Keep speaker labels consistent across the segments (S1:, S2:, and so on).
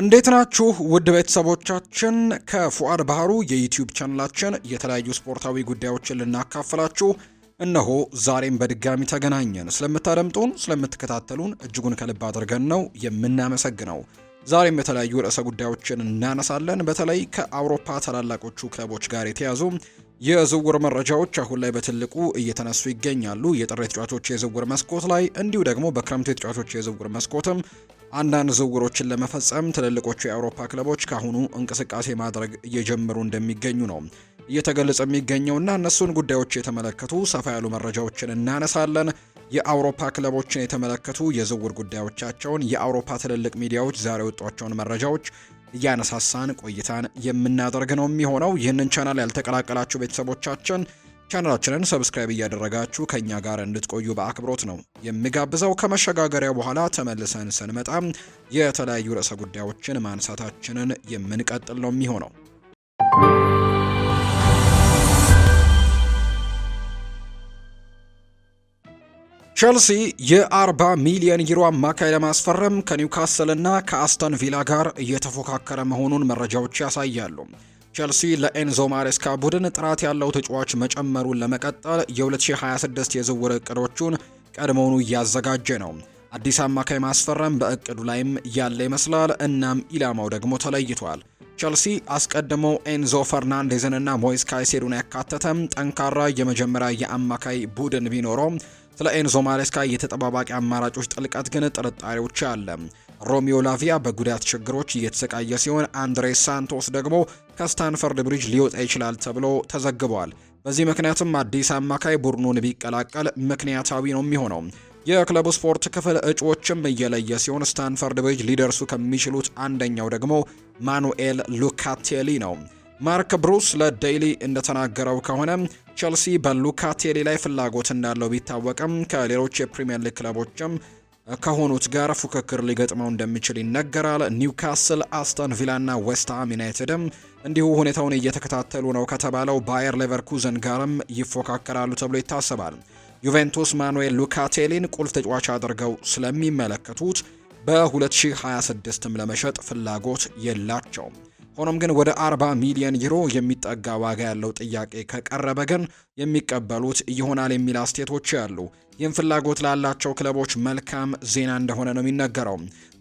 S1: እንዴት ናችሁ ውድ ቤተሰቦቻችን? ከፉአድ ባህሩ የዩቲዩብ ቻናላችን የተለያዩ ስፖርታዊ ጉዳዮችን ልናካፍላችሁ እነሆ ዛሬም በድጋሚ ተገናኘን። ስለምታደምጡን፣ ስለምትከታተሉን እጅጉን ከልብ አድርገን ነው የምናመሰግነው። ዛሬም የተለያዩ ርዕሰ ጉዳዮችን እናነሳለን። በተለይ ከአውሮፓ ታላላቆቹ ክለቦች ጋር የተያዙ የዝውውር መረጃዎች አሁን ላይ በትልቁ እየተነሱ ይገኛሉ። የጥር ተጫዋቾች የዝውውር መስኮት ላይ እንዲሁ ደግሞ በክረምቱ የተጫዋቾች የዝውውር መስኮትም አንዳንድ ዝውውሮችን ለመፈጸም ትልልቆቹ የአውሮፓ ክለቦች ካሁኑ እንቅስቃሴ ማድረግ እየጀመሩ እንደሚገኙ ነው እየተገለጸ የሚገኘውና እነሱን ጉዳዮች የተመለከቱ ሰፋ ያሉ መረጃዎችን እናነሳለን። የአውሮፓ ክለቦችን የተመለከቱ የዝውውር ጉዳዮቻቸውን የአውሮፓ ትልልቅ ሚዲያዎች ዛሬ ወጧቸውን መረጃዎች እያነሳሳን ቆይታን የምናደርግ ነው የሚሆነው። ይህንን ቻናል ያልተቀላቀላችሁ ቤተሰቦቻችን ቻናላችንን ሰብስክራይብ እያደረጋችሁ ከእኛ ጋር እንድትቆዩ በአክብሮት ነው የሚጋብዘው። ከመሸጋገሪያ በኋላ ተመልሰን ስንመጣ የተለያዩ ርዕሰ ጉዳዮችን ማንሳታችንን የምንቀጥል ነው የሚሆነው። ቸልሲ የ40 ሚሊዮን ዩሮ አማካይ ለማስፈረም ከኒውካስልና ከአስተን ቪላ ጋር እየተፎካከረ መሆኑን መረጃዎች ያሳያሉ። ቸልሲ ለኤንዞ ማሬስካ ቡድን ጥራት ያለው ተጫዋች መጨመሩን ለመቀጠል የ2026 የዝውውር እቅዶቹን ቀድሞውኑ እያዘጋጀ ነው። አዲስ አማካይ ማስፈረም በእቅዱ ላይም ያለ ይመስላል። እናም ኢላማው ደግሞ ተለይቷል። ቸልሲ አስቀድሞ ኤንዞ ፈርናንዴዝንና ሞይስ ካይሴዱን ያካተተም ጠንካራ የመጀመሪያ የአማካይ ቡድን ቢኖረው ስለ ኤንዞ ማሬስካ የተጠባባቂ አማራጮች ጥልቀት ግን ጥርጣሬዎች አለ። ሮሚዮ ላቪያ በጉዳት ችግሮች እየተሰቃየ ሲሆን፣ አንድሬ ሳንቶስ ደግሞ ከስታንፈርድ ብሪጅ ሊወጣ ይችላል ተብሎ ተዘግቧል። በዚህ ምክንያትም አዲስ አማካይ ቡድኑን ቢቀላቀል ምክንያታዊ ነው የሚሆነው። የክለቡ ስፖርት ክፍል እጩዎችም እየለየ ሲሆን ስታንፈርድ ብሪጅ ሊደርሱ ከሚችሉት አንደኛው ደግሞ ማኑኤል ሉካቴሊ ነው። ማርክ ብሩስ ለዴይሊ እንደተናገረው ከሆነ ቸልሲ በሉካቴሊ ላይ ፍላጎት እንዳለው ቢታወቅም ከሌሎች የፕሪምየር ሊግ ክለቦችም ከሆኑት ጋር ፉክክር ሊገጥመው እንደሚችል ይነገራል። ኒውካስል፣ አስተን ቪላና ዌስትሃም ዩናይትድም እንዲሁ ሁኔታውን እየተከታተሉ ነው ከተባለው ባየር ሌቨርኩዘን ጋርም ይፎካከራሉ ተብሎ ይታሰባል። ዩቬንቱስ ማኑኤል ሉካቴሊን ቁልፍ ተጫዋች አድርገው ስለሚመለከቱት በ2026ም ለመሸጥ ፍላጎት የላቸውም። ሆኖም ግን ወደ 40 ሚሊዮን ዩሮ የሚጠጋ ዋጋ ያለው ጥያቄ ከቀረበ ግን የሚቀበሉት ይሆናል የሚል አስተያየቶች አሉ። ይህም ፍላጎት ላላቸው ክለቦች መልካም ዜና እንደሆነ ነው የሚነገረው።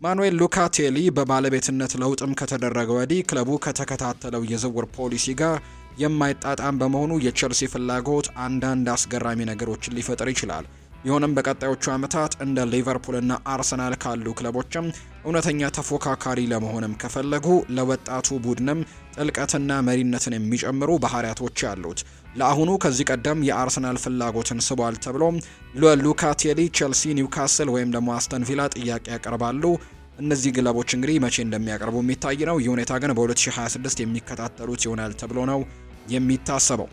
S1: ማኑኤል ሉካቴሊ በባለቤትነት ለውጥም ከተደረገ ወዲህ ክለቡ ከተከታተለው የዝውውር ፖሊሲ ጋር የማይጣጣም በመሆኑ የቼልሲ ፍላጎት አንዳንድ አስገራሚ ነገሮችን ሊፈጥር ይችላል። ይሁንም በቀጣዮቹ ዓመታት እንደ ሊቨርፑልና አርሰናል ካሉ ክለቦችም እውነተኛ ተፎካካሪ ለመሆንም ከፈለጉ ለወጣቱ ቡድንም ጥልቀትና መሪነትን የሚጨምሩ ባህሪያቶች አሉት። ለአሁኑ ከዚህ ቀደም የአርሰናል ፍላጎትን ስቧል ተብሎ ለሉካቴሊ ቼልሲ፣ ኒውካስል ወይም ደግሞ አስተን ቪላ ጥያቄ ያቀርባሉ። እነዚህ ግለቦች እንግዲህ መቼ እንደሚያቀርቡ የሚታይ ነው። ይህ ሁኔታ ግን በ2026 የሚከታተሉት ይሆናል ተብሎ ነው የሚታሰበው።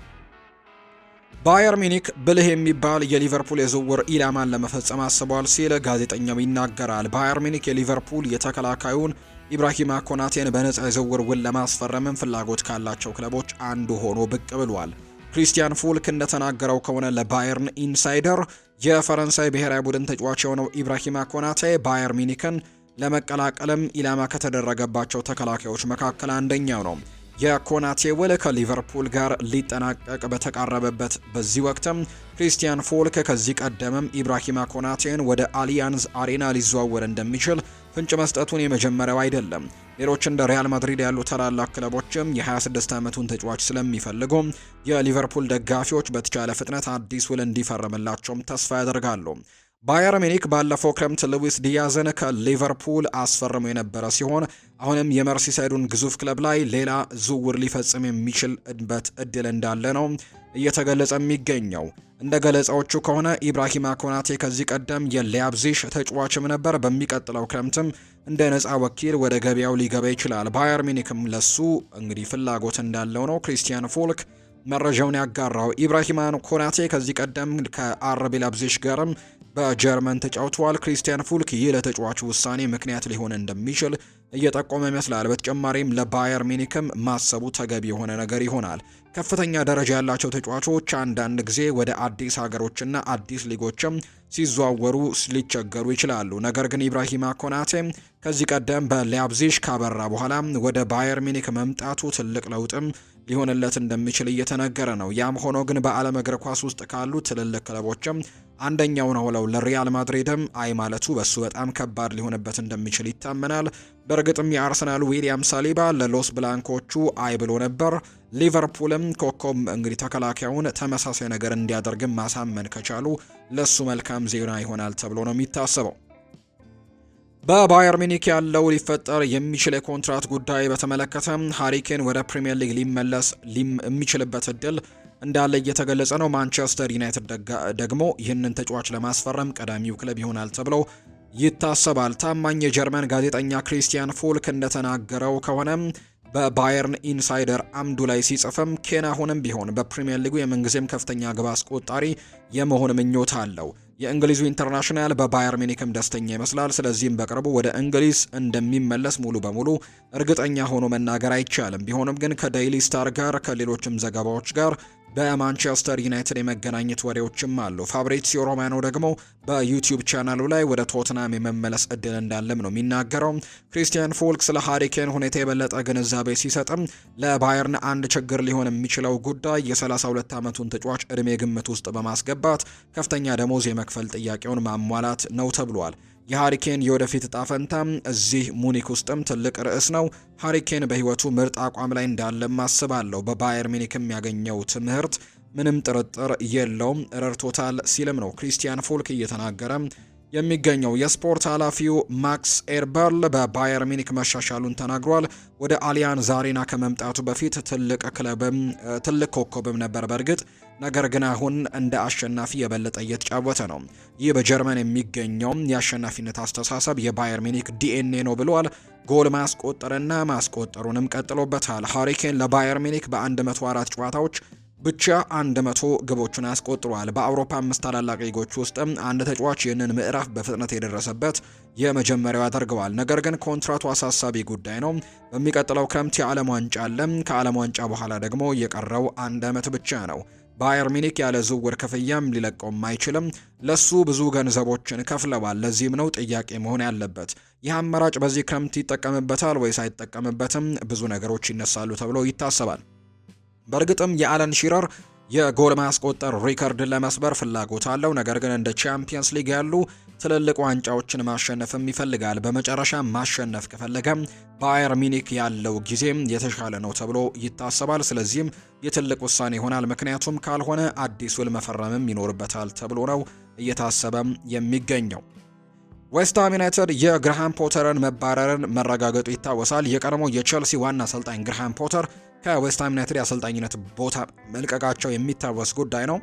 S1: ባየር ሚኒክ ብልህ የሚባል የሊቨርፑል የዝውውር ኢላማን ለመፈጸም አስቧል ሲል ጋዜጠኛው ይናገራል። ባየር ሚኒክ የሊቨርፑል የተከላካዩን ኢብራሂማ ኮናቴን በነጻ የዝውውር ውል ለማስፈረምም ፍላጎት ካላቸው ክለቦች አንዱ ሆኖ ብቅ ብሏል። ክሪስቲያን ፉልክ እንደተናገረው ከሆነ ለባየርን ኢንሳይደር የፈረንሳይ ብሔራዊ ቡድን ተጫዋች የሆነው ኢብራሂማ ኮናቴ ባየር ሚኒክን ለመቀላቀልም ኢላማ ከተደረገባቸው ተከላካዮች መካከል አንደኛው ነው። የኮናቴ ውል ከሊቨርፑል ጋር ሊጠናቀቅ በተቃረበበት በዚህ ወቅትም ክሪስቲያን ፎልክ ከዚህ ቀደምም ኢብራሂማ ኮናቴን ወደ አሊያንዝ አሬና ሊዘዋወር እንደሚችል ፍንጭ መስጠቱን የመጀመሪያው አይደለም። ሌሎች እንደ ሪያል ማድሪድ ያሉ ታላላቅ ክለቦችም የ26 ዓመቱን ተጫዋች ስለሚፈልጉ የሊቨርፑል ደጋፊዎች በተቻለ ፍጥነት አዲስ ውል እንዲፈርምላቸውም ተስፋ ያደርጋሉ። ባየር ሚኒክ ባለፈው ክረምት ሉዊስ ዲያዝን ከሊቨርፑል አስፈርሞ የነበረ ሲሆን አሁንም የመርሲሳይዱን ግዙፍ ክለብ ላይ ሌላ ዝውውር ሊፈጽም የሚችልበት እድል እንዳለ ነው እየተገለጸ የሚገኘው። እንደ ገለጻዎቹ ከሆነ ኢብራሂማ ኮናቴ ከዚህ ቀደም የሊያብዚሽ ተጫዋችም ነበር። በሚቀጥለው ክረምትም እንደ ነፃ ወኪል ወደ ገበያው ሊገባ ይችላል። ባየር ሚኒክም ለሱ እንግዲህ ፍላጎት እንዳለው ነው ክሪስቲያን ፎልክ መረጃውን ያጋራው። ኢብራሂማ ኮናቴ ከዚህ ቀደም ከአረቢ ላይፕዚግ ጋርም በጀርመን ተጫውተዋል። ክሪስቲያን ፉልክ ይህ ለተጫዋቹ ውሳኔ ምክንያት ሊሆን እንደሚችል እየጠቆመ ይመስላል። በተጨማሪም ለባየር ሚኒክም ማሰቡ ተገቢ የሆነ ነገር ይሆናል። ከፍተኛ ደረጃ ያላቸው ተጫዋቾች አንዳንድ ጊዜ ወደ አዲስ ሀገሮችና አዲስ ሊጎችም ሲዘዋወሩ ሊቸገሩ ይችላሉ። ነገር ግን ኢብራሂማ ኮናቴ ከዚህ ቀደም በሊያብዚሽ ካበራ በኋላ ወደ ባየር ሚኒክ መምጣቱ ትልቅ ለውጥም ሊሆንለት እንደሚችል እየተነገረ ነው። ያም ሆኖ ግን በዓለም እግር ኳስ ውስጥ ካሉ ትልልቅ ክለቦችም አንደኛው ነው ብለው ለሪያል ማድሪድም አይ ማለቱ በሱ በጣም ከባድ ሊሆንበት እንደሚችል ይታመናል። በእርግጥም የአርሰናል ዊሊያም ሳሊባ ለሎስ ብላንኮቹ አይ ብሎ ነበር። ሊቨርፑልም ኮኮም እንግዲህ ተከላካዩን ተመሳሳይ ነገር እንዲያደርግም ማሳመን ከቻሉ ለሱ መልካም ዜና ይሆናል ተብሎ ነው የሚታሰበው። በባየር ሚኒክ ያለው ሊፈጠር የሚችል የኮንትራት ጉዳይ በተመለከተ ሃሪኬን ወደ ፕሪምየር ሊግ ሊመለስ የሚችልበት እድል እንዳለ እየተገለጸ ነው። ማንቸስተር ዩናይትድ ደግሞ ይህንን ተጫዋች ለማስፈረም ቀዳሚው ክለብ ይሆናል ተብሎ ይታሰባል። ታማኝ የጀርመን ጋዜጠኛ ክሪስቲያን ፎልክ እንደተናገረው ከሆነ በባየርን ኢንሳይደር አምዱ ላይ ሲጽፍም ኬን አሁንም ቢሆን በፕሪምየር ሊጉ የምንጊዜም ከፍተኛ ግብ አስቆጣሪ የመሆን ምኞት አለው። የእንግሊዙ ኢንተርናሽናል በባየር ሚኒክም ደስተኛ ይመስላል። ስለዚህም በቅርቡ ወደ እንግሊዝ እንደሚመለስ ሙሉ በሙሉ እርግጠኛ ሆኖ መናገር አይቻልም። ቢሆንም ግን ከዴይሊ ስታር ጋር ከሌሎችም ዘገባዎች ጋር በማንቸስተር ዩናይትድ የመገናኘት ወሬዎችም አሉ። ፋብሪሲዮ ሮማኖ ደግሞ በዩቲዩብ ቻናሉ ላይ ወደ ቶትናም የመመለስ እድል እንዳለም ነው የሚናገረው። ክሪስቲያን ፎልክ ስለ ሃሪኬን ሁኔታ የበለጠ ግንዛቤ ሲሰጥም ለባየርን አንድ ችግር ሊሆን የሚችለው ጉዳይ የ32 ዓመቱን ተጫዋች እድሜ ግምት ውስጥ በማስገባት ከፍተኛ ደሞዝ የመክፈል ጥያቄውን ማሟላት ነው ተብሏል። የሃሪኬን የወደፊት እጣ ፈንታ እዚህ ሙኒክ ውስጥም ትልቅ ርዕስ ነው። ሃሪኬን በህይወቱ ምርጥ አቋም ላይ እንዳለም አስባለሁ። በባየር ሚኒክ የሚያገኘው ትምህርት ምንም ጥርጥር የለውም ረድቶታል ሲልም ነው ክሪስቲያን ፎልክ እየተናገረ የሚገኘው የስፖርት ኃላፊው ማክስ ኤርበርል በባየር ሚኒክ መሻሻሉን ተናግሯል። ወደ አሊያንዝ አሬና ከመምጣቱ በፊት ትልቅ ክለብም ትልቅ ኮከብም ነበር። በእርግጥ ነገር ግን አሁን እንደ አሸናፊ የበለጠ እየተጫወተ ነው። ይህ በጀርመን የሚገኘው የአሸናፊነት አስተሳሰብ የባየር ሚኒክ ዲኤንኤ ነው ብሏል። ጎል ማስቆጠርና ማስቆጠሩንም ቀጥሎበታል። ሃሪኬን ለባየር ሚኒክ በ104 ጨዋታዎች ብቻ 100 ግቦችን አስቆጥሯል። በአውሮፓ አምስት ታላላቅ ሊጎች ውስጥም አንድ ተጫዋች ይህንን ምዕራፍ በፍጥነት የደረሰበት የመጀመሪያው አድርገዋል። ነገር ግን ኮንትራቱ አሳሳቢ ጉዳይ ነው። በሚቀጥለው ክረምት የዓለም ዋንጫ አለም። ከዓለም ዋንጫ በኋላ ደግሞ የቀረው አንድ ዓመት ብቻ ነው። ባየር ሚኒክ ያለ ዝውውር ክፍያም ሊለቀውም አይችልም። ለሱ ብዙ ገንዘቦችን ከፍለዋል። ለዚህም ነው ጥያቄ መሆን ያለበት ይህ አማራጭ በዚህ ክረምት ይጠቀምበታል ወይስ አይጠቀምበትም? ብዙ ነገሮች ይነሳሉ ተብሎ ይታሰባል። በእርግጥም የአለን ሺረር የጎል ማስቆጠር ሪከርድን ለመስበር ፍላጎት አለው። ነገር ግን እንደ ቻምፒየንስ ሊግ ያሉ ትልልቅ ዋንጫዎችን ማሸነፍም ይፈልጋል። በመጨረሻ ማሸነፍ ከፈለገ ባየር ሚኒክ ያለው ጊዜም የተሻለ ነው ተብሎ ይታሰባል። ስለዚህም የትልቅ ውሳኔ ይሆናል። ምክንያቱም ካልሆነ አዲስ ውል መፈረምም ይኖርበታል ተብሎ ነው እየታሰበም የሚገኘው። ዌስትሃም ዩናይትድ የግርሃም ፖተርን መባረርን መረጋገጡ ይታወሳል። የቀድሞ የቼልሲ ዋና አሰልጣኝ ግርሃም ፖተር ከዌስትሃም ዩናይትድ የአሰልጣኝነት ቦታ መልቀቃቸው የሚታወስ ጉዳይ ነው።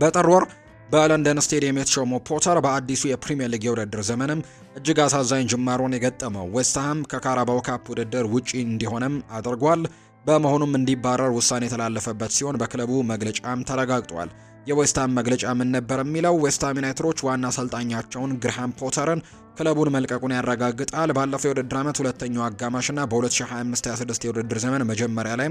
S1: በጥር ወር በለንደን ስቴዲየም የተሾመው ፖተር በአዲሱ የፕሪምየር ሊግ የውድድር ዘመንም እጅግ አሳዛኝ ጅማሮን የገጠመው ዌስትሃም ከካራባው ካፕ ውድድር ውጪ እንዲሆንም አድርጓል። በመሆኑም እንዲባረር ውሳኔ የተላለፈበት ሲሆን በክለቡ መግለጫም ተረጋግጧል። የዌስትሃም መግለጫ ምን ነበር የሚለው? ዌስትሃም ዩናይትዶች ዋና አሰልጣኛቸውን ግርሃም ፖተርን ክለቡን መልቀቁን ያረጋግጣል። ባለፈው የውድድር ዓመት ሁለተኛው አጋማሽና በ2025/26 የውድድር ዘመን መጀመሪያ ላይ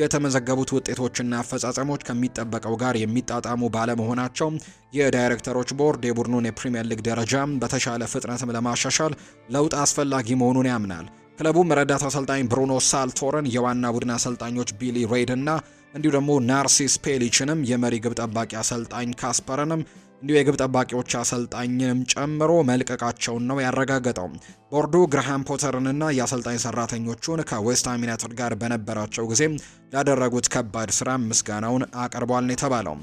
S1: የተመዘገቡት ውጤቶችና አፈጻጸሞች ከሚጠበቀው ጋር የሚጣጣሙ ባለመሆናቸው የዳይሬክተሮች ቦርድ የቡድኑን የፕሪምየር ሊግ ደረጃ በተሻለ ፍጥነትም ለማሻሻል ለውጥ አስፈላጊ መሆኑን ያምናል። ክለቡም ረዳት አሰልጣኝ ብሩኖ ሳልቶርን የዋና ቡድን አሰልጣኞች ቢሊ ሬድ እና እንዲሁ ደግሞ ናርሲስ ፔሊችንም የመሪ ግብ ጠባቂ አሰልጣኝ ካስፐርንም እንዲሁ የግብ ጠባቂዎች አሰልጣኝንም ጨምሮ መልቀቃቸውን ነው ያረጋገጠው። ቦርዱ ግርሃም ፖተርንና የአሰልጣኝ ሰራተኞቹን ከዌስትሃም ዩናይትድ ጋር በነበራቸው ጊዜ ላደረጉት ከባድ ስራ ምስጋናውን አቅርቧል ነው የተባለው።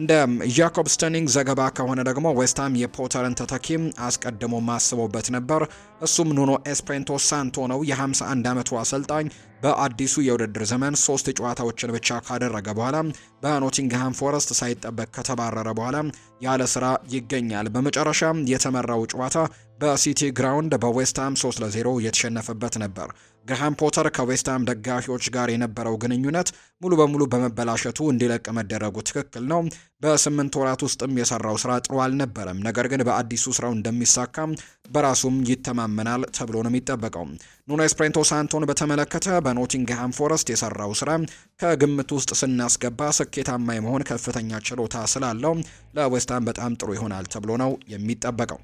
S1: እንደ ጃኮብ ስተኒንግ ዘገባ ከሆነ ደግሞ ዌስትሃም የፖተርን ተተኪም አስቀድሞ ማስቦበት ነበር። እሱም ኑኖ ኤስፕሬንቶ ሳንቶ ነው። የ51 ዓመቱ አሰልጣኝ በአዲሱ የውድድር ዘመን ሶስት ጨዋታዎችን ብቻ ካደረገ በኋላ በኖቲንግሃም ፎረስት ሳይጠበቅ ከተባረረ በኋላ ያለ ስራ ይገኛል። በመጨረሻ የተመራው ጨዋታ በሲቲ ግራውንድ በዌስትሃም 3 ለ0 የተሸነፈበት ነበር። ግርሃም ፖተር ከዌስትሃም ደጋፊዎች ጋር የነበረው ግንኙነት ሙሉ በሙሉ በመበላሸቱ እንዲለቅ መደረጉ ትክክል ነው። በስምንት ወራት ውስጥም የሰራው ስራ ጥሩ አልነበረም። ነገር ግን በአዲሱ ስራው እንደሚሳካም በራሱም ይተማመ ይታመናል ተብሎ ነው የሚጠበቀው። ኑኖ ኤስፕሬንቶ ሳንቶን በተመለከተ በኖቲንግሃም ፎረስት የሰራው ስራ ከግምት ውስጥ ስናስገባ ስኬታማ የመሆን ከፍተኛ ችሎታ ስላለው ለዌስትሃም በጣም ጥሩ ይሆናል ተብሎ ነው የሚጠበቀው።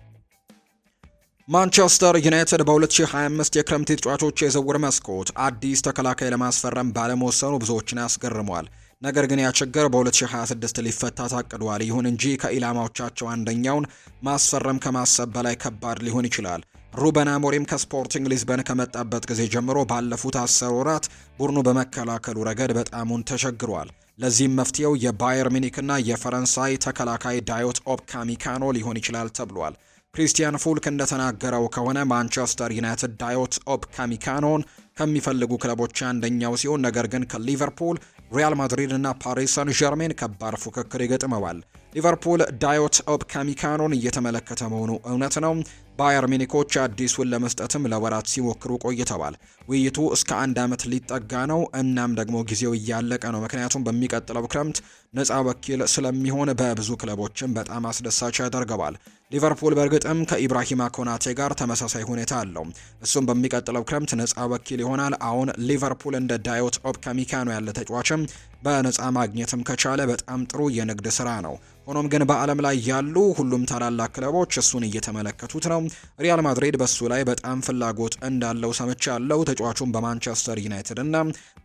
S1: ማንቸስተር ዩናይትድ በ2025 የክረምት ተጫዋቾች የዝውውር መስኮት አዲስ ተከላካይ ለማስፈረም ባለመወሰኑ ብዙዎችን አስገርመዋል። ነገር ግን ያ ችግር በ2026 ሊፈታ ታቅዷል። ይሁን እንጂ ከኢላማዎቻቸው አንደኛውን ማስፈረም ከማሰብ በላይ ከባድ ሊሆን ይችላል። ሩበን አሞሪም ከስፖርቲንግ ሊዝበን ከመጣበት ጊዜ ጀምሮ ባለፉት አስር ወራት ቡድኑ በመከላከሉ ረገድ በጣሙን ተቸግሯል። ለዚህም መፍትሄው የባየር ሚኒክና የፈረንሳይ ተከላካይ ዳዮት ኦፕ ካሚካኖ ሊሆን ይችላል ተብሏል። ክሪስቲያን ፉልክ እንደተናገረው ከሆነ ማንቸስተር ዩናይትድ ዳዮት ኦፕ ካሚካኖን ከሚፈልጉ ክለቦች አንደኛው ሲሆን ነገር ግን ከሊቨርፑል፣ ሪያል ማድሪድ እና ፓሪስ ሰን ዠርሜን ከባድ ፉክክር ይገጥመዋል። ሊቨርፑል ዳዮት ኦፕ ካሚካኖን እየተመለከተ መሆኑ እውነት ነው። ባየር ሚኒኮች አዲሱን ለመስጠትም ለወራት ሲሞክሩ ቆይተዋል። ውይይቱ እስከ አንድ ዓመት ሊጠጋ ነው። እናም ደግሞ ጊዜው እያለቀ ነው፣ ምክንያቱም በሚቀጥለው ክረምት ነፃ ወኪል ስለሚሆን በብዙ ክለቦችም በጣም አስደሳች ያደርገዋል። ሊቨርፑል በእርግጥም ከኢብራሂማ ኮናቴ ጋር ተመሳሳይ ሁኔታ አለው። እሱም በሚቀጥለው ክረምት ነፃ ወኪል ይሆናል። አሁን ሊቨርፑል እንደ ዳዮት ኦፕ ያለ ተጫዋችም በነፃ ማግኘትም ከቻለ በጣም ጥሩ የንግድ ስራ ነው። ሆኖም ግን በዓለም ላይ ያሉ ሁሉም ታላላቅ ክለቦች እሱን እየተመለከቱት ነው። ሪያል ማድሪድ በሱ ላይ በጣም ፍላጎት እንዳለው ያለው ተጫዋቹን በማንቸስተር ዩናይትድ እና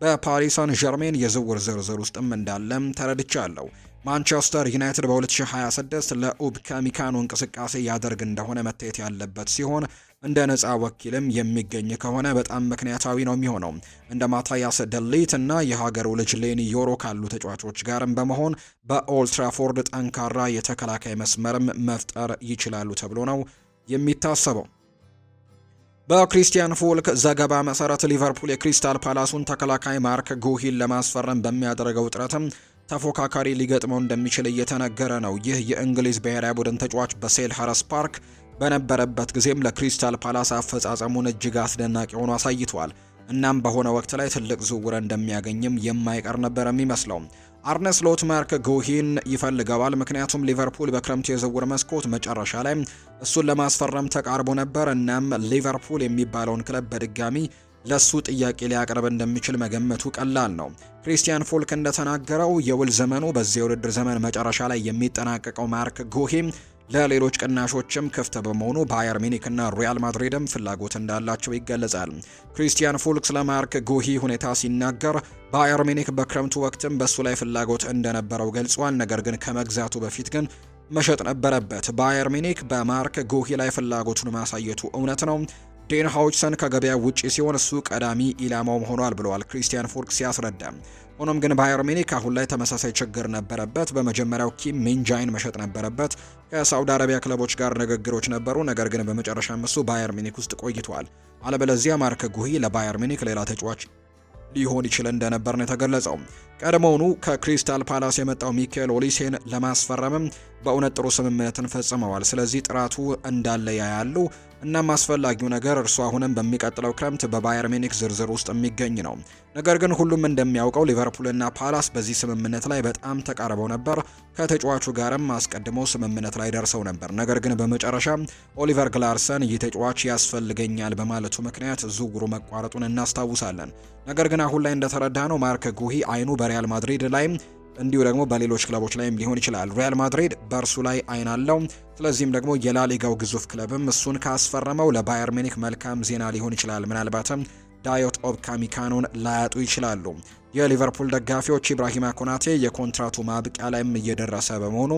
S1: በፓሪሰን ሳን ዠርሜን የዝውውር ዝርዝር ውስጥም እንዳለም ተረድቻለሁ። ማንቸስተር ዩናይትድ በ2026 ለኡብ ከሚካኑ እንቅስቃሴ ያደርግ እንደሆነ መታየት ያለበት ሲሆን እንደ ነፃ ወኪልም የሚገኝ ከሆነ በጣም ምክንያታዊ ነው የሚሆነው። እንደ ማታያስ ደሊት እና የሀገሩ ልጅ ሌኒ ዮሮ ካሉ ተጫዋቾች ጋርም በመሆን በኦልትራፎርድ ጠንካራ የተከላካይ መስመርም መፍጠር ይችላሉ ተብሎ ነው የሚታሰበው። በክሪስቲያን ፎልክ ዘገባ መሰረት ሊቨርፑል የክሪስታል ፓላሱን ተከላካይ ማርክ ጉሂን ለማስፈረም በሚያደርገው ጥረትም ተፎካካሪ ሊገጥመው እንደሚችል እየተነገረ ነው። ይህ የእንግሊዝ ብሔራዊ ቡድን ተጫዋች በሴልኸርስት ፓርክ በነበረበት ጊዜም ለክሪስታል ፓላስ አፈጻጸሙን እጅግ አስደናቂ ሆኖ አሳይቷል። እናም በሆነ ወቅት ላይ ትልቅ ዝውውር እንደሚያገኝም የማይቀር ነበር የሚመስለው። አርነስ ሎት ማርክ ጉሂን ይፈልገዋል። ምክንያቱም ሊቨርፑል በክረምቱ የዝውውር መስኮት መጨረሻ ላይ እሱን ለማስፈረም ተቃርቦ ነበር። እናም ሊቨርፑል የሚባለውን ክለብ በድጋሚ ለሱ ጥያቄ ሊያቀርብ እንደሚችል መገመቱ ቀላል ነው። ክሪስቲያን ፎልክ እንደተናገረው የውል ዘመኑ በዚህ የውድድር ዘመን መጨረሻ ላይ የሚጠናቀቀው ማርክ ጉሂ ለሌሎች ቅናሾችም ክፍት በመሆኑ ባየር ሚኒክና ሪያል ማድሪድም ፍላጎት እንዳላቸው ይገለጻል። ክሪስቲያን ፉልክስ ለማርክ ጎሂ ጉሂ ሁኔታ ሲናገር ባየር ሚኒክ በክረምቱ ወቅትም በእሱ ላይ ፍላጎት እንደነበረው ገልጿል። ነገር ግን ከመግዛቱ በፊት ግን መሸጥ ነበረበት። ባየር ሚኒክ በማርክ ጉሂ ላይ ፍላጎቱን ማሳየቱ እውነት ነው። ዴን ሃውችሰን ከገበያ ውጪ ሲሆን እሱ ቀዳሚ ኢላማውም ሆኗል ብለዋል ክሪስቲያን ፎርክ ሲያስረዳ። ሆኖም ግን ባየር ሚኒክ አሁን ላይ ተመሳሳይ ችግር ነበረበት። በመጀመሪያው ኪም ሚንጃይን መሸጥ ነበረበት። ከሳውዲ አረቢያ ክለቦች ጋር ንግግሮች ነበሩ፣ ነገር ግን በመጨረሻም እሱ ባየር ሚኒክ ውስጥ ቆይቷል። አለበለዚያ ማርክ ጉሂ ለባየር ሚኒክ ሌላ ተጫዋች ሊሆን ይችል እንደነበር ነው የተገለጸው። ቀድሞውኑ ከክሪስታል ፓላስ የመጣው ሚካኤል ኦሊሴን ለማስፈረምም በእውነት ጥሩ ስምምነትን ፈጽመዋል። ስለዚህ ጥራቱ እንዳለ ያያሉ። እናም አስፈላጊው ነገር እርሱ አሁንም በሚቀጥለው ክረምት በባየር ሚኒክ ዝርዝር ውስጥ የሚገኝ ነው። ነገር ግን ሁሉም እንደሚያውቀው ሊቨርፑልና ፓላስ በዚህ ስምምነት ላይ በጣም ተቃርበው ነበር። ከተጫዋቹ ጋርም አስቀድመው ስምምነት ላይ ደርሰው ነበር። ነገር ግን በመጨረሻ ኦሊቨር ግላርሰን ይህ ተጫዋች ያስፈልገኛል በማለቱ ምክንያት ዝውውሩ መቋረጡን እናስታውሳለን። ነገር ግን አሁን ላይ እንደተረዳ ነው ማርክ ጉሂ አይኑ በሪያል ማድሪድ ላይ እንዲሁ ደግሞ በሌሎች ክለቦች ላይም ሊሆን ይችላል። ሪያል ማድሪድ በእርሱ ላይ አይን አለው። ስለዚህም ደግሞ የላሊጋው ግዙፍ ክለብም እሱን ካስፈረመው ለባየር ሚኒክ መልካም ዜና ሊሆን ይችላል። ምናልባትም ዳዮት ኦብ ካሚካኖን ላያጡ ይችላሉ። የሊቨርፑል ደጋፊዎች ኢብራሂማ ኮናቴ የኮንትራቱ ማብቂያ ላይም እየደረሰ በመሆኑ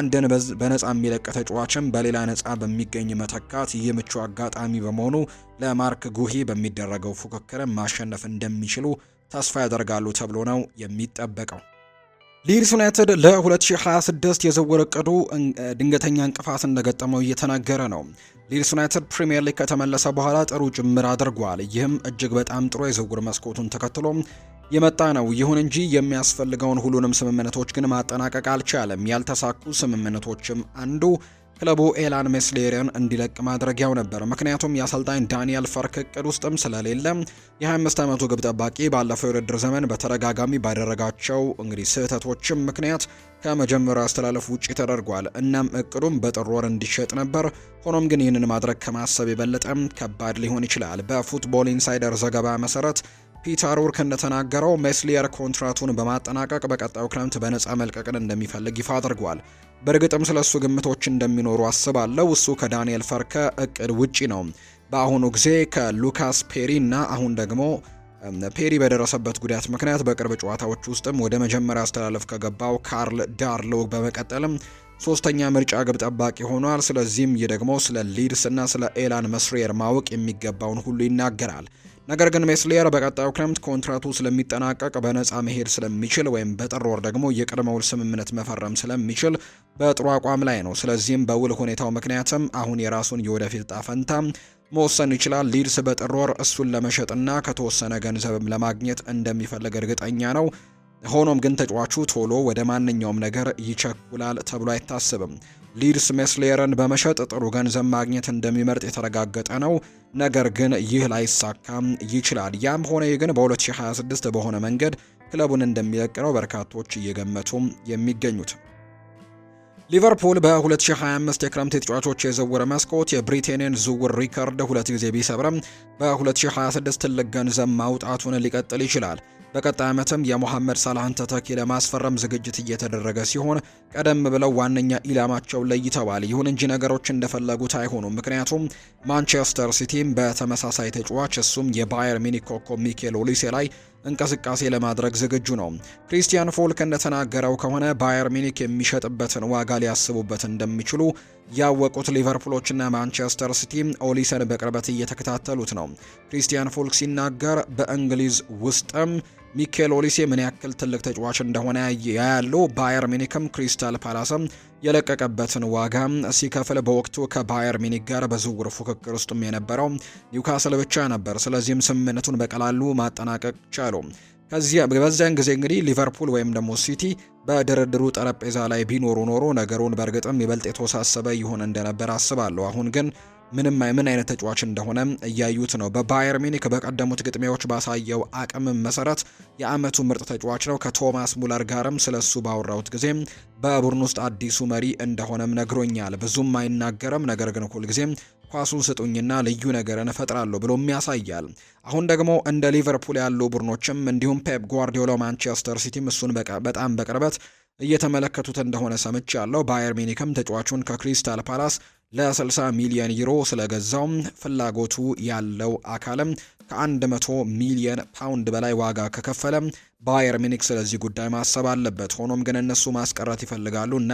S1: አንድን በነፃ የሚለቅ ተጫዋችም በሌላ ነፃ በሚገኝ መተካት ይህ ምቹ አጋጣሚ በመሆኑ ለማርክ ጉሂ በሚደረገው ፉክክርም ማሸነፍ እንደሚችሉ ተስፋ ያደርጋሉ ተብሎ ነው የሚጠበቀው። ሊድስ ዩናይትድ ለ2026 የዝውውር እቅዱ ድንገተኛ እንቅፋት እንደገጠመው እየተናገረ ነው። ሊድስ ዩናይትድ ፕሪምየር ሊግ ከተመለሰ በኋላ ጥሩ ጅምር አድርጓል። ይህም እጅግ በጣም ጥሩ የዝውውር መስኮቱን ተከትሎ የመጣ ነው። ይሁን እንጂ የሚያስፈልገውን ሁሉንም ስምምነቶች ግን ማጠናቀቅ አልቻለም። ያልተሳኩ ስምምነቶችም አንዱ ክለቡ ኤላን ሜስሌርን እንዲለቅ ማድረጊያው ነበር። ምክንያቱም የአሰልጣኝ ዳንኤል ፈርክ እቅድ ውስጥም ስለሌለ የ25 ዓመቱ ግብ ጠባቂ ባለፈው የውድድር ዘመን በተደጋጋሚ ባደረጋቸው እንግዲህ ስህተቶችም ምክንያት ከመጀመሪያው አስተላለፍ ውጪ ተደርጓል። እናም እቅዱም በጥር ወር እንዲሸጥ ነበር። ሆኖም ግን ይህንን ማድረግ ከማሰብ የበለጠም ከባድ ሊሆን ይችላል። በፉትቦል ኢንሳይደር ዘገባ መሰረት ፒተር ውርክ እንደተናገረው ሜስሊየር ኮንትራቱን በማጠናቀቅ በቀጣዩ ክረምት በነፃ መልቀቅን እንደሚፈልግ ይፋ አድርጓል። በእርግጥም ስለ እሱ ግምቶች እንደሚኖሩ አስባለሁ። እሱ ከዳንኤል ፈርከ እቅድ ውጪ ነው። በአሁኑ ጊዜ ከሉካስ ፔሪ እና አሁን ደግሞ ፔሪ በደረሰበት ጉዳት ምክንያት በቅርብ ጨዋታዎች ውስጥም ወደ መጀመሪያ አስተላለፍ ከገባው ካርል ዳርሎ በመቀጠልም ሶስተኛ ምርጫ ግብ ጠባቂ ሆኗል። ስለዚህም ይህ ደግሞ ስለ ሊድስ እና ስለ ኤላን መስሬር ማወቅ የሚገባውን ሁሉ ይናገራል። ነገር ግን ሜስሊየር በቀጣዩ ክረምት ኮንትራቱ ስለሚጠናቀቅ በነፃ መሄድ ስለሚችል ወይም በጥር ወር ደግሞ የቅድመ ውል ስምምነት መፈረም ስለሚችል በጥሩ አቋም ላይ ነው። ስለዚህም በውል ሁኔታው ምክንያትም አሁን የራሱን የወደፊት ጣፈንታ ፈንታ መወሰን ይችላል። ሊድስ በጥር ወር እሱን ለመሸጥና ከተወሰነ ገንዘብም ለማግኘት እንደሚፈልግ እርግጠኛ ነው። ሆኖም ግን ተጫዋቹ ቶሎ ወደ ማንኛውም ነገር ይቸኩላል ተብሎ አይታሰብም። ሊድስ ሜስሌየርን በመሸጥ ጥሩ ገንዘብ ማግኘት እንደሚመርጥ የተረጋገጠ ነው። ነገር ግን ይህ ላይሳካም ይችላል። ያም ሆነ ግን በ2026 በሆነ መንገድ ክለቡን እንደሚለቅ ነው በርካቶች እየገመቱም የሚገኙት። ሊቨርፑል በ2025 የክረምት ተጫዋቾች የዝውውር መስኮት የብሪቴንን ዝውውር ሪከርድ ሁለት ጊዜ ቢሰብርም በ2026 ትልቅ ገንዘብ ማውጣቱን ሊቀጥል ይችላል። በቀጣይ ዓመትም የሞሐመድ ሳላህን ተተኪ ለማስፈረም ዝግጅት እየተደረገ ሲሆን ቀደም ብለው ዋነኛ ኢላማቸው ለይተዋል። ይሁን እንጂ ነገሮች እንደፈለጉት አይሆኑም። ምክንያቱም ማንቸስተር ሲቲም በተመሳሳይ ተጫዋች እሱም የባየር ሚኒክ ኮከብ ሚኬል ኦሊሴ ላይ እንቅስቃሴ ለማድረግ ዝግጁ ነው። ክሪስቲያን ፎልክ እንደተናገረው ከሆነ ባየር ሚኒክ የሚሸጥበትን ዋጋ ሊያስቡበት እንደሚችሉ ያወቁት ሊቨርፑሎችና ማንቸስተር ሲቲ ኦሊሰን በቅርበት እየተከታተሉት ነው። ክሪስቲያን ፎልክ ሲናገር በእንግሊዝ ውስጥም ሚኬል ኦሊሴ ምን ያክል ትልቅ ተጫዋች እንደሆነ ያያሉ። ባየር ሚኒክም ክሪስታል ፓላስም የለቀቀበትን ዋጋ ሲከፍል በወቅቱ ከባየር ሚኒክ ጋር በዝውውር ፉክክር ውስጥም የነበረው ኒውካስል ብቻ ነበር። ስለዚህም ስምምነቱን በቀላሉ ማጠናቀቅ ቻሉ። በዚያን ጊዜ እንግዲህ ሊቨርፑል ወይም ደግሞ ሲቲ በድርድሩ ጠረጴዛ ላይ ቢኖሩ ኖሮ ነገሩን በእርግጥም ይበልጥ የተወሳሰበ ይሆን እንደነበር አስባለሁ። አሁን ግን ምንም ምን አይነት ተጫዋች እንደሆነ እያዩት ነው። በባየር ሚኒክ በቀደሙት ግጥሚያዎች ባሳየው አቅም መሰረት የአመቱ ምርጥ ተጫዋች ነው። ከቶማስ ሙለር ጋርም ስለሱ ባወራሁት ጊዜ በቡድን ውስጥ አዲሱ መሪ እንደሆነም ነግሮኛል። ብዙም አይናገርም፣ ነገር ግን ሁልጊዜም ኳሱን ስጡኝና ልዩ ነገርን እፈጥራለሁ ብሎም ያሳያል። አሁን ደግሞ እንደ ሊቨርፑል ያሉ ቡድኖችም እንዲሁም ፔፕ ጓርዲዮላ ማንቸስተር ሲቲም እሱን በጣም በቅርበት እየተመለከቱት እንደሆነ ያለው ባየር ሚኒክም ተጫዋቹን ከክሪስታል ፓላስ ለ60 ሚሊዮን ዩሮ ስለገዛው ፍላጎቱ ያለው አካልም ከ100 ሚሊዮን ፓውንድ በላይ ዋጋ ከከፈለ ባየር ሚኒክ ስለዚህ ጉዳይ ማሰብ አለበት። ሆኖም ግን እነሱ ማስቀረት ይፈልጋሉ እና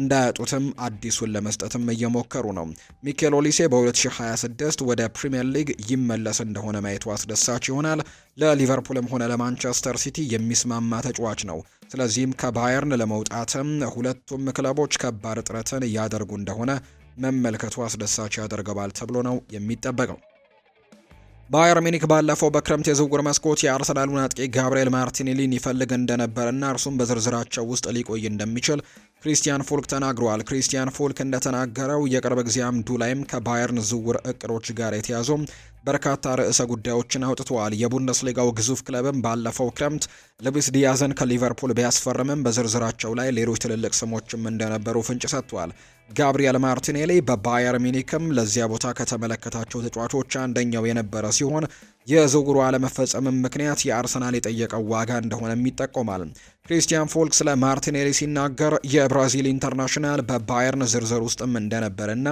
S1: እንዳያጡትም አዲሱን ለመስጠትም እየሞከሩ ነው። ሚኬል ኦሊሴ በ2026 ወደ ፕሪምየር ሊግ ይመለስ እንደሆነ ማየቱ አስደሳች ይሆናል። ለሊቨርፑልም ሆነ ለማንቸስተር ሲቲ የሚስማማ ተጫዋች ነው። ስለዚህም ከባየርን ለመውጣትም ሁለቱም ክለቦች ከባድ ጥረትን እያደረጉ እንደሆነ መመልከቱ አስደሳች ያደርገዋል ተብሎ ነው የሚጠበቀው። ባየር ሚኒክ ባለፈው በክረምት የዝውውር መስኮት የአርሰናሉን አጥቂ ጋብርኤል ማርቲኔሊን ይፈልግ እንደነበርና እርሱም በዝርዝራቸው ውስጥ ሊቆይ እንደሚችል ክሪስቲያን ፎልክ ተናግረዋል። ክሪስቲያን ፎልክ እንደተናገረው የቅርብ ጊዜ አምዱ ላይም ከባየርን ዝውውር እቅዶች ጋር የተያዙ በርካታ ርዕሰ ጉዳዮችን አውጥተዋል። የቡንደስሊጋው ግዙፍ ክለብም ባለፈው ክረምት ልብስ ዲያዘን ከሊቨርፑል ቢያስፈርምም በዝርዝራቸው ላይ ሌሎች ትልልቅ ስሞችም እንደነበሩ ፍንጭ ሰጥቷል። ጋብሪኤል ማርቲኔሊ በባየር ሚኒክም ለዚያ ቦታ ከተመለከታቸው ተጫዋቾች አንደኛው የነበረ ሲሆን የዝውውሩ አለመፈጸምም ምክንያት የአርሰናል የጠየቀው ዋጋ እንደሆነም ይጠቆማል። ክሪስቲያን ፎልክ ስለ ማርቲኔሊ ሲናገር የብራዚል ኢንተርናሽናል በባየርን ዝርዝር ውስጥም እንደነበርና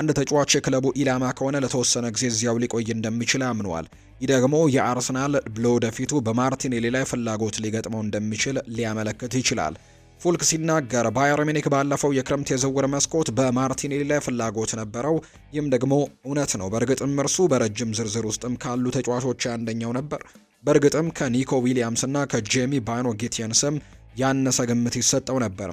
S1: አንድ ተጫዋች የክለቡ ኢላማ ከሆነ ለተወሰነ ጊዜ እዚያው ሊቆይ እንደሚችል አምኗል። ይህ ደግሞ የአርሰናል ለወደፊቱ በማርቲኔሊ ላይ ፍላጎት ሊገጥመው እንደሚችል ሊያመለክት ይችላል። ፉልክ ሲናገር ባየር ሚኒክ ባለፈው የክረምት የዝውውር መስኮት በማርቲኔሊ ላይ ፍላጎት ነበረው። ይህም ደግሞ እውነት ነው። በእርግጥም እርሱ በረጅም ዝርዝር ውስጥም ካሉ ተጫዋቾች አንደኛው ነበር። በእርግጥም ከኒኮ ዊሊያምስና ከጄሚ ባኖ ያነሰ ግምት ይሰጠው ነበር።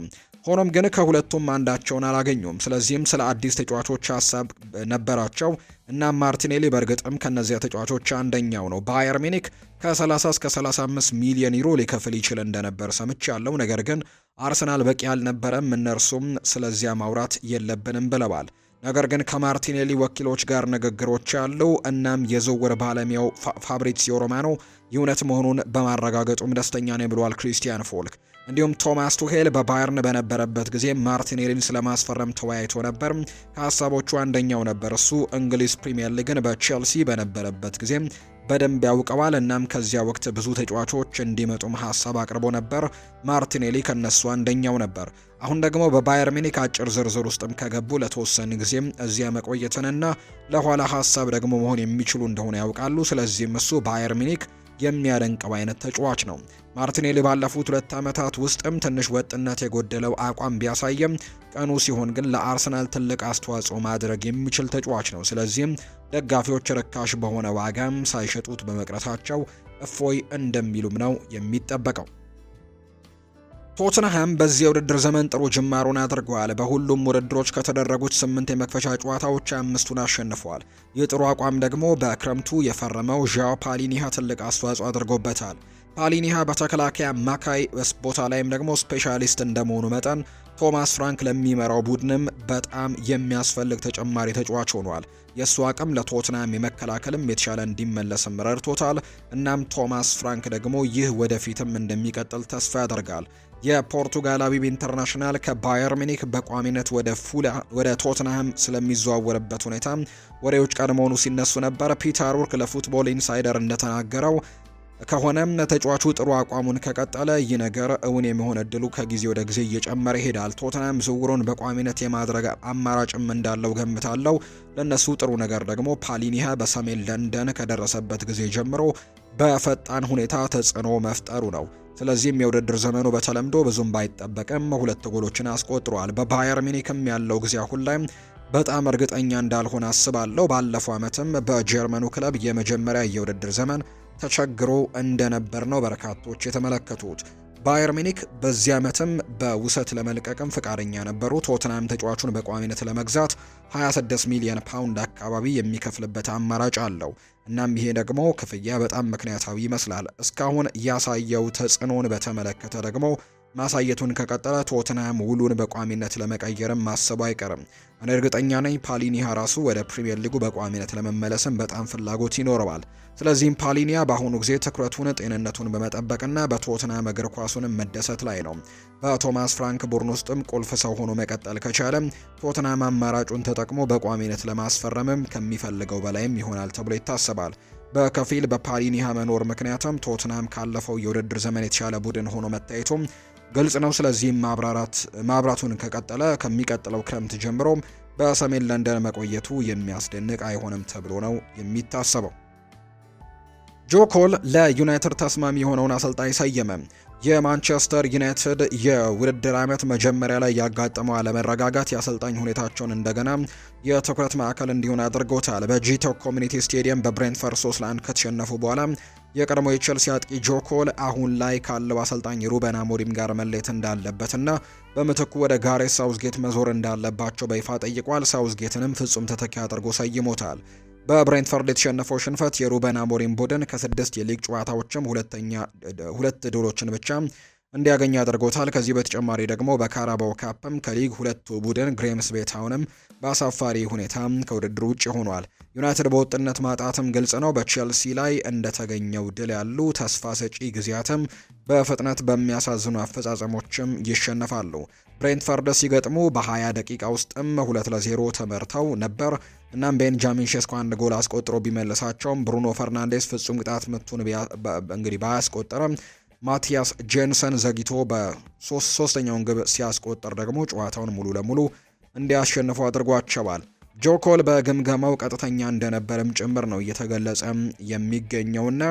S1: ሆኖም ግን ከሁለቱም አንዳቸውን አላገኙም። ስለዚህም ስለ አዲስ ተጫዋቾች ሀሳብ ነበራቸው እና ማርቲኔሊ በእርግጥም ከነዚያ ተጫዋቾች አንደኛው ነው። ባየር ሚኒክ ከ30 እስከ 35 ሚሊዮን ዩሮ ሊከፍል ይችል እንደነበር ያለው ነገር ግን አርሰናል በቂ አልነበረም፣ እነርሱም ስለዚያ ማውራት የለብንም ብለዋል። ነገር ግን ከማርቲኔሊ ወኪሎች ጋር ንግግሮች አሉ። እናም የዝውውር ባለሙያው ፋብሪዚዮ ሮማኖ የእውነት መሆኑን በማረጋገጡም ደስተኛ ነኝ ብሏል። ክሪስቲያን ፎልክ እንዲሁም ቶማስ ቱሄል በባየርን በነበረበት ጊዜ ማርቲኔሊን ስለማስፈረም ተወያይቶ ነበር። ከሀሳቦቹ አንደኛው ነበር። እሱ እንግሊዝ ፕሪምየር ሊግን በቼልሲ በነበረበት ጊዜ በደንብ ያውቀዋል። እናም ከዚያ ወቅት ብዙ ተጫዋቾች እንዲመጡም ሀሳብ አቅርቦ ነበር። ማርቲኔሊ ከነሱ አንደኛው ነበር። አሁን ደግሞ በባየር ሚኒክ አጭር ዝርዝር ውስጥም ከገቡ ለተወሰነ ጊዜም እዚያ መቆየትንና ለኋላ ሀሳብ ደግሞ መሆን የሚችሉ እንደሆነ ያውቃሉ። ስለዚህም እሱ ባየር ሚኒክ የሚያደንቀው አይነት ተጫዋች ነው። ማርቲኔሊ ባለፉት ሁለት ዓመታት ውስጥም ትንሽ ወጥነት የጎደለው አቋም ቢያሳየም ቀኑ ሲሆን ግን ለአርሰናል ትልቅ አስተዋጽኦ ማድረግ የሚችል ተጫዋች ነው። ስለዚህም ደጋፊዎች ርካሽ በሆነ ዋጋም ሳይሸጡት በመቅረታቸው እፎይ እንደሚሉም ነው የሚጠበቀው። ቶትንሃም በዚህ የውድድር ዘመን ጥሩ ጅማሩን አድርገዋል። በሁሉም ውድድሮች ከተደረጉት ስምንት የመክፈቻ ጨዋታዎች አምስቱን አሸንፈዋል። ይህ ጥሩ አቋም ደግሞ በክረምቱ የፈረመው ዣው ፓሊኒሃ ትልቅ አስተዋጽኦ አድርጎበታል። ፓሊኒሃ በተከላካይ አማካይ ቦታ ላይም ደግሞ ስፔሻሊስት እንደመሆኑ መጠን ቶማስ ፍራንክ ለሚመራው ቡድንም በጣም የሚያስፈልግ ተጨማሪ ተጫዋች ሆኗል። የእሱ አቅም ለቶትናም የመከላከልም የተሻለ እንዲመለስም ረድቶታል። እናም ቶማስ ፍራንክ ደግሞ ይህ ወደፊትም እንደሚቀጥል ተስፋ ያደርጋል። የፖርቱጋላዊው ኢንተርናሽናል ከባየር ሚኒክ በቋሚነት ወደ ፉላ ወደ ቶትንሃም ስለሚዘዋወርበት ሁኔታ ወሬዎች ቀድሞውኑ ሲነሱ ነበር። ፒተር ውርክ ለፉትቦል ኢንሳይደር እንደተናገረው ከሆነም ተጫዋቹ ጥሩ አቋሙን ከቀጠለ ይህ ነገር እውን የሚሆን እድሉ ከጊዜ ወደ ጊዜ እየጨመረ ይሄዳል። ቶተናም ዝውውሩን በቋሚነት የማድረግ አማራጭም እንዳለው ገምታለው። ለእነሱ ጥሩ ነገር ደግሞ ፓሊኒሃ በሰሜን ለንደን ከደረሰበት ጊዜ ጀምሮ በፈጣን ሁኔታ ተጽዕኖ መፍጠሩ ነው። ስለዚህም የውድድር ዘመኑ በተለምዶ ብዙም ባይጠበቅም ሁለት ጎሎችን አስቆጥሯል። በባየር ሚኒክም ያለው ጊዜ አሁን ላይ በጣም እርግጠኛ እንዳልሆነ አስባለሁ። ባለፈው ዓመትም በጀርመኑ ክለብ የመጀመሪያ የውድድር ዘመን ተቸግሮ እንደነበር ነው በርካቶች የተመለከቱት። ባየር ሚኒክ በዚህ ዓመትም በውሰት ለመልቀቅም ፈቃደኛ ነበሩ። ቶትናም ተጫዋቹን በቋሚነት ለመግዛት 26 ሚሊዮን ፓውንድ አካባቢ የሚከፍልበት አማራጭ አለው። እናም ይሄ ደግሞ ክፍያ በጣም ምክንያታዊ ይመስላል። እስካሁን ያሳየው ተጽዕኖን በተመለከተ ደግሞ ማሳየቱን ከቀጠለ ቶትናም ውሉን በቋሚነት ለመቀየርም ማሰቡ አይቀርም። እኔ እርግጠኛ ነኝ ፓሊኒያ ራሱ ወደ ፕሪምየር ሊጉ በቋሚነት ለመመለስም በጣም ፍላጎት ይኖረዋል። ስለዚህም ፓሊኒያ በአሁኑ ጊዜ ትኩረቱን ጤንነቱን በመጠበቅና በቶትናም እግር ኳሱንም መደሰት ላይ ነው። በቶማስ ፍራንክ ቡድን ውስጥም ቁልፍ ሰው ሆኖ መቀጠል ከቻለ ቶትናም አማራጩን ተጠቅሞ በቋሚነት ለማስፈረምም ከሚፈልገው በላይም ይሆናል ተብሎ ይታሰባል። በከፊል በፓሊኒያ መኖር ምክንያትም ቶትናም ካለፈው የውድድር ዘመን የተሻለ ቡድን ሆኖ መታየቱም ግልጽ ነው። ስለዚህም ማብራቱን ከቀጠለ ከሚቀጥለው ክረምት ጀምሮ በሰሜን ለንደን መቆየቱ የሚያስደንቅ አይሆንም ተብሎ ነው የሚታሰበው። ጆ ኮል ለዩናይትድ ተስማሚ የሆነውን አሰልጣኝ ሰየመ። የማንቸስተር ዩናይትድ የውድድር ዓመት መጀመሪያ ላይ ያጋጠመው አለመረጋጋት የአሰልጣኝ ሁኔታቸውን እንደገና የትኩረት ማዕከል እንዲሆን አድርጎታል። በጂቶ ኮሚኒቲ ስቴዲየም በብሬንትፈርድ ሶስት ለአንድ ከተሸነፉ በኋላ የቀድሞ የቸልሲ አጥቂ ጆኮል አሁን ላይ ካለው አሰልጣኝ ሩበን አሞሪም ጋር መለየት እንዳለበትና በምትኩ ወደ ጋሬት ሳውዝጌት መዞር እንዳለባቸው በይፋ ጠይቋል። ሳውዝጌትንም ፍጹም ተተኪ አድርጎ ሰይሞታል። በብሬንትፈርድ የተሸነፈው ሽንፈት የሩበን አሞሪም ቡድን ከስድስት የሊግ ጨዋታዎችም ሁለተኛ ሁለት ድሎችን ብቻ እንዲያገኝ አድርጎታል። ከዚህ በተጨማሪ ደግሞ በካራባው ካፕም ከሊግ ሁለቱ ቡድን ግሬምስ ቤታውንም በአሳፋሪ ሁኔታ ከውድድር ውጭ ሆኗል። ዩናይትድ በወጥነት ማጣትም ግልጽ ነው። በቼልሲ ላይ እንደተገኘው ድል ያሉ ተስፋ ሰጪ ጊዜያትም በፍጥነት በሚያሳዝኑ አፈጻጸሞችም ይሸነፋሉ። ብሬንትፈርድ ሲገጥሙ በ20 ደቂቃ ውስጥም ሁለት ለዜሮ ተመርተው ነበር። እናም ቤንጃሚን ሼስኮ አንድ ጎል አስቆጥሮ ቢመልሳቸውም ብሩኖ ፈርናንዴስ ፍጹም ቅጣት ምቱን እንግዲህ ባያስቆጠረም ማቲያስ ጄንሰን ዘግይቶ በሶስተኛውን ግብ ሲያስቆጠር ደግሞ ጨዋታውን ሙሉ ለሙሉ እንዲያሸንፉ አድርጓቸዋል። ጆኮል በግምገማው ቀጥተኛ እንደነበረም ጭምር ነው እየተገለጸ የሚገኘውና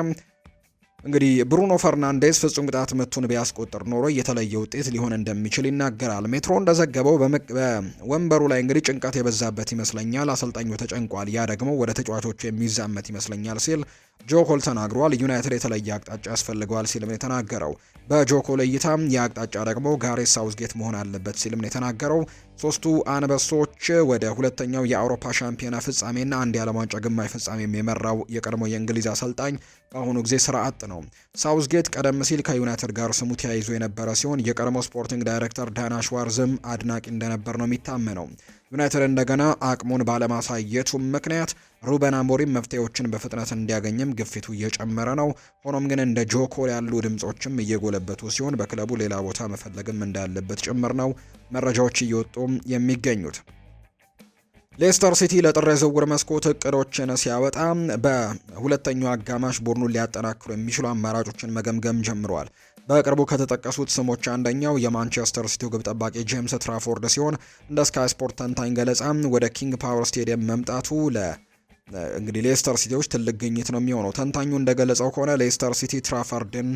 S1: እንግዲህ ብሩኖ ፈርናንዴስ ፍጹም ቅጣት ምቱን ቢያስቆጥር ኖሮ የተለየ ውጤት ሊሆን እንደሚችል ይናገራል። ሜትሮ እንደዘገበው በወንበሩ ላይ እንግዲህ ጭንቀት የበዛበት ይመስለኛል፣ አሰልጣኙ ተጨንቋል፣ ያ ደግሞ ወደ ተጫዋቾቹ የሚዛመት ይመስለኛል ሲል ጆ ኮል ተናግሯል። ዩናይትድ የተለየ አቅጣጫ ያስፈልገዋል ሲልም የተናገረው በጆ ኮል እይታ የአቅጣጫ ደግሞ ጋሬት ሳውዝጌት መሆን አለበት ሲልም የተናገረው። ሶስቱ አንበሶች ወደ ሁለተኛው የአውሮፓ ሻምፒዮና ፍጻሜና አንድ የዓለም ዋንጫ ግማሽ ፍጻሜም የመራው የቀድሞ የእንግሊዝ አሰልጣኝ በአሁኑ ጊዜ ስራ አጥ ነው። ሳውዝጌት ቀደም ሲል ከዩናይትድ ጋር ስሙ ተያይዞ የነበረ ሲሆን የቀድሞ ስፖርቲንግ ዳይሬክተር ዳና ሽዋርዝም አድናቂ እንደነበር ነው የሚታመነው። ዩናይትድ እንደገና አቅሙን ባለማሳየቱ ምክንያት ሩበን አሞሪም መፍትሄዎችን በፍጥነት እንዲያገኝም ግፊቱ እየጨመረ ነው። ሆኖም ግን እንደ ጆኮል ያሉ ድምጾችም እየጎለበቱ ሲሆን በክለቡ ሌላ ቦታ መፈለግም እንዳለበት ጭምር ነው መረጃዎች እየወጡ የሚገኙት። ሌስተር ሲቲ ለጥር የዝውውር መስኮት እቅዶችን ሲያወጣ በሁለተኛው አጋማሽ ቡድኑን ሊያጠናክሩ የሚችሉ አማራጮችን መገምገም ጀምረዋል። በቅርቡ ከተጠቀሱት ስሞች አንደኛው የማንቸስተር ሲቲው ግብ ጠባቂ ጄምስ ትራፎርድ ሲሆን እንደ ስካይ ስፖርት ተንታኝ ገለጻ ወደ ኪንግ ፓወር ስቴዲየም መምጣቱ ለ እንግዲህ ሌስተር ሲቲዎች ትልቅ ግኝት ነው የሚሆነው። ተንታኙ እንደገለጸው ከሆነ ሌስተር ሲቲ ትራፋርድን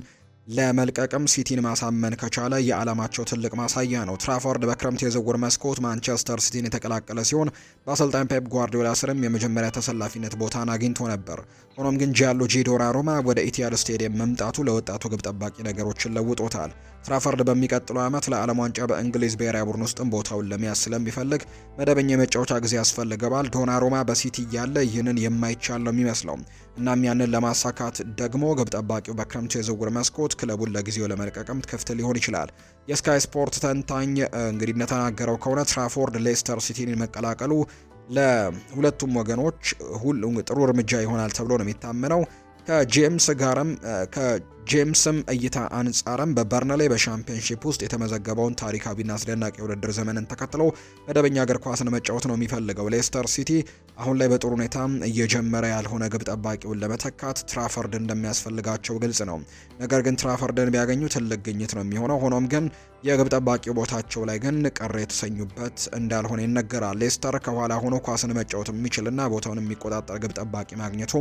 S1: ለመልቀቅም ሲቲን ማሳመን ከቻለ የዓላማቸው ትልቅ ማሳያ ነው። ትራፎርድ በክረምት የዝውውር መስኮት ማንቸስተር ሲቲን የተቀላቀለ ሲሆን በአሰልጣኝ ፔፕ ጓርዲዮላ ስርም የመጀመሪያ ተሰላፊነት ቦታን አግኝቶ ነበር። ሆኖም ግን ጃሎ ጂዶራ ሮማ ወደ ኢቲያድ ስቴዲየም መምጣቱ ለወጣቱ ግብ ጠባቂ ነገሮችን ለውጦታል። ትራፈርድ በሚቀጥለው ዓመት ለዓለም ዋንጫ በእንግሊዝ ብሔራዊ ቡድን ውስጥም ቦታውን ለመያዝ ስለሚፈልግ መደበኛ የመጫወቻ ጊዜ ያስፈልገዋል። ዶና ሮማ በሲቲ እያለ ይህንን የማይቻል ነው የሚመስለው። እናም ያንን ለማሳካት ደግሞ ግብ ጠባቂው በክረምቱ የዝውውር መስኮት ክለቡን ለጊዜው ለመልቀቅም ክፍት ሊሆን ይችላል። የስካይ ስፖርት ተንታኝ እንግዲህ እንደተናገረው ከሆነ ትራፎርድ ሌስተር ሲቲን መቀላቀሉ ለሁለቱም ወገኖች ሁሉ ጥሩ እርምጃ ይሆናል ተብሎ ነው የሚታመነው። ከጄምስ ጋርም ጄምስም እይታ አንጻረም ላይ በሻምፒዮንሺፕ ውስጥ የተመዘገበውን ታሪካዊና አስደናቂ የውድድር ዘመንን ተከትሎ መደበኛ እግር ኳስን መጫወት ነው የሚፈልገው። ሌስተር ሲቲ አሁን ላይ በጥሩ ሁኔታ እየጀመረ ያልሆነ ግብ ጠባቂውን ለመተካት ትራፈርድ እንደሚያስፈልጋቸው ግልጽ ነው። ነገር ግን ትራፈርድን ቢያገኙ ትልቅ ግኝት ነው የሚሆነው። ሆኖም ግን የግብ ጠባቂ ቦታቸው ላይ ግን ቅር የተሰኙበት እንዳልሆነ ይነገራል። ሌስተር ከኋላ ሆኖ ኳስን መጫወት የሚችልና ቦታውን የሚቆጣጠር ግብ ጠባቂ ማግኘቱ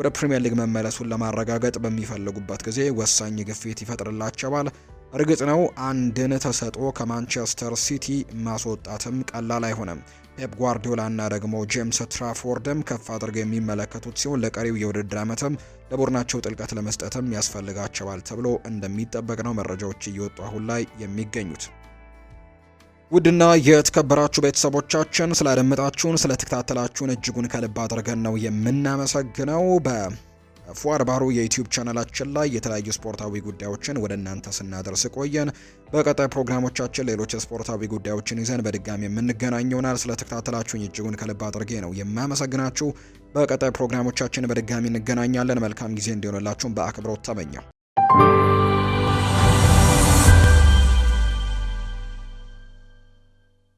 S1: ወደ ፕሪምየር ሊግ መመለሱን ለማረጋገጥ በሚፈልጉበት ጊዜ ወሳኝ ግፊት ይፈጥርላቸዋል። እርግጥ ነው አንድን ተሰጥኦ ከማንቸስተር ሲቲ ማስወጣትም ቀላል አይሆንም። ፔፕ ጓርዲዮላና ደግሞ ጄምስ ትራፎርድም ከፍ አድርገው የሚመለከቱት ሲሆን ለቀሪው የውድድር ዓመትም ለቡድናቸው ጥልቀት ለመስጠትም ያስፈልጋቸዋል ተብሎ እንደሚጠበቅ ነው መረጃዎች እየወጡ አሁን ላይ የሚገኙት። ውድና የተከበራችሁ ቤተሰቦቻችን ስላደመጣችሁን ስለተከታተላችሁን እጅጉን ከልብ አድርገን ነው የምናመሰግነው በ ፏር ባህሩ የዩቲዩብ ቻናላችን ላይ የተለያዩ ስፖርታዊ ጉዳዮችን ወደ እናንተ ስናደርስ ቆየን። በቀጣይ ፕሮግራሞቻችን ሌሎች ስፖርታዊ ጉዳዮችን ይዘን በድጋሚ የምንገናኘውናል። ይሆናል። ስለተከታተላችሁኝ እጅጉን ከልብ አድርጌ ነው የማመሰግናችሁ። በቀጣይ ፕሮግራሞቻችን በድጋሚ እንገናኛለን። መልካም ጊዜ እንዲሆንላችሁም በአክብሮት ተመኘው።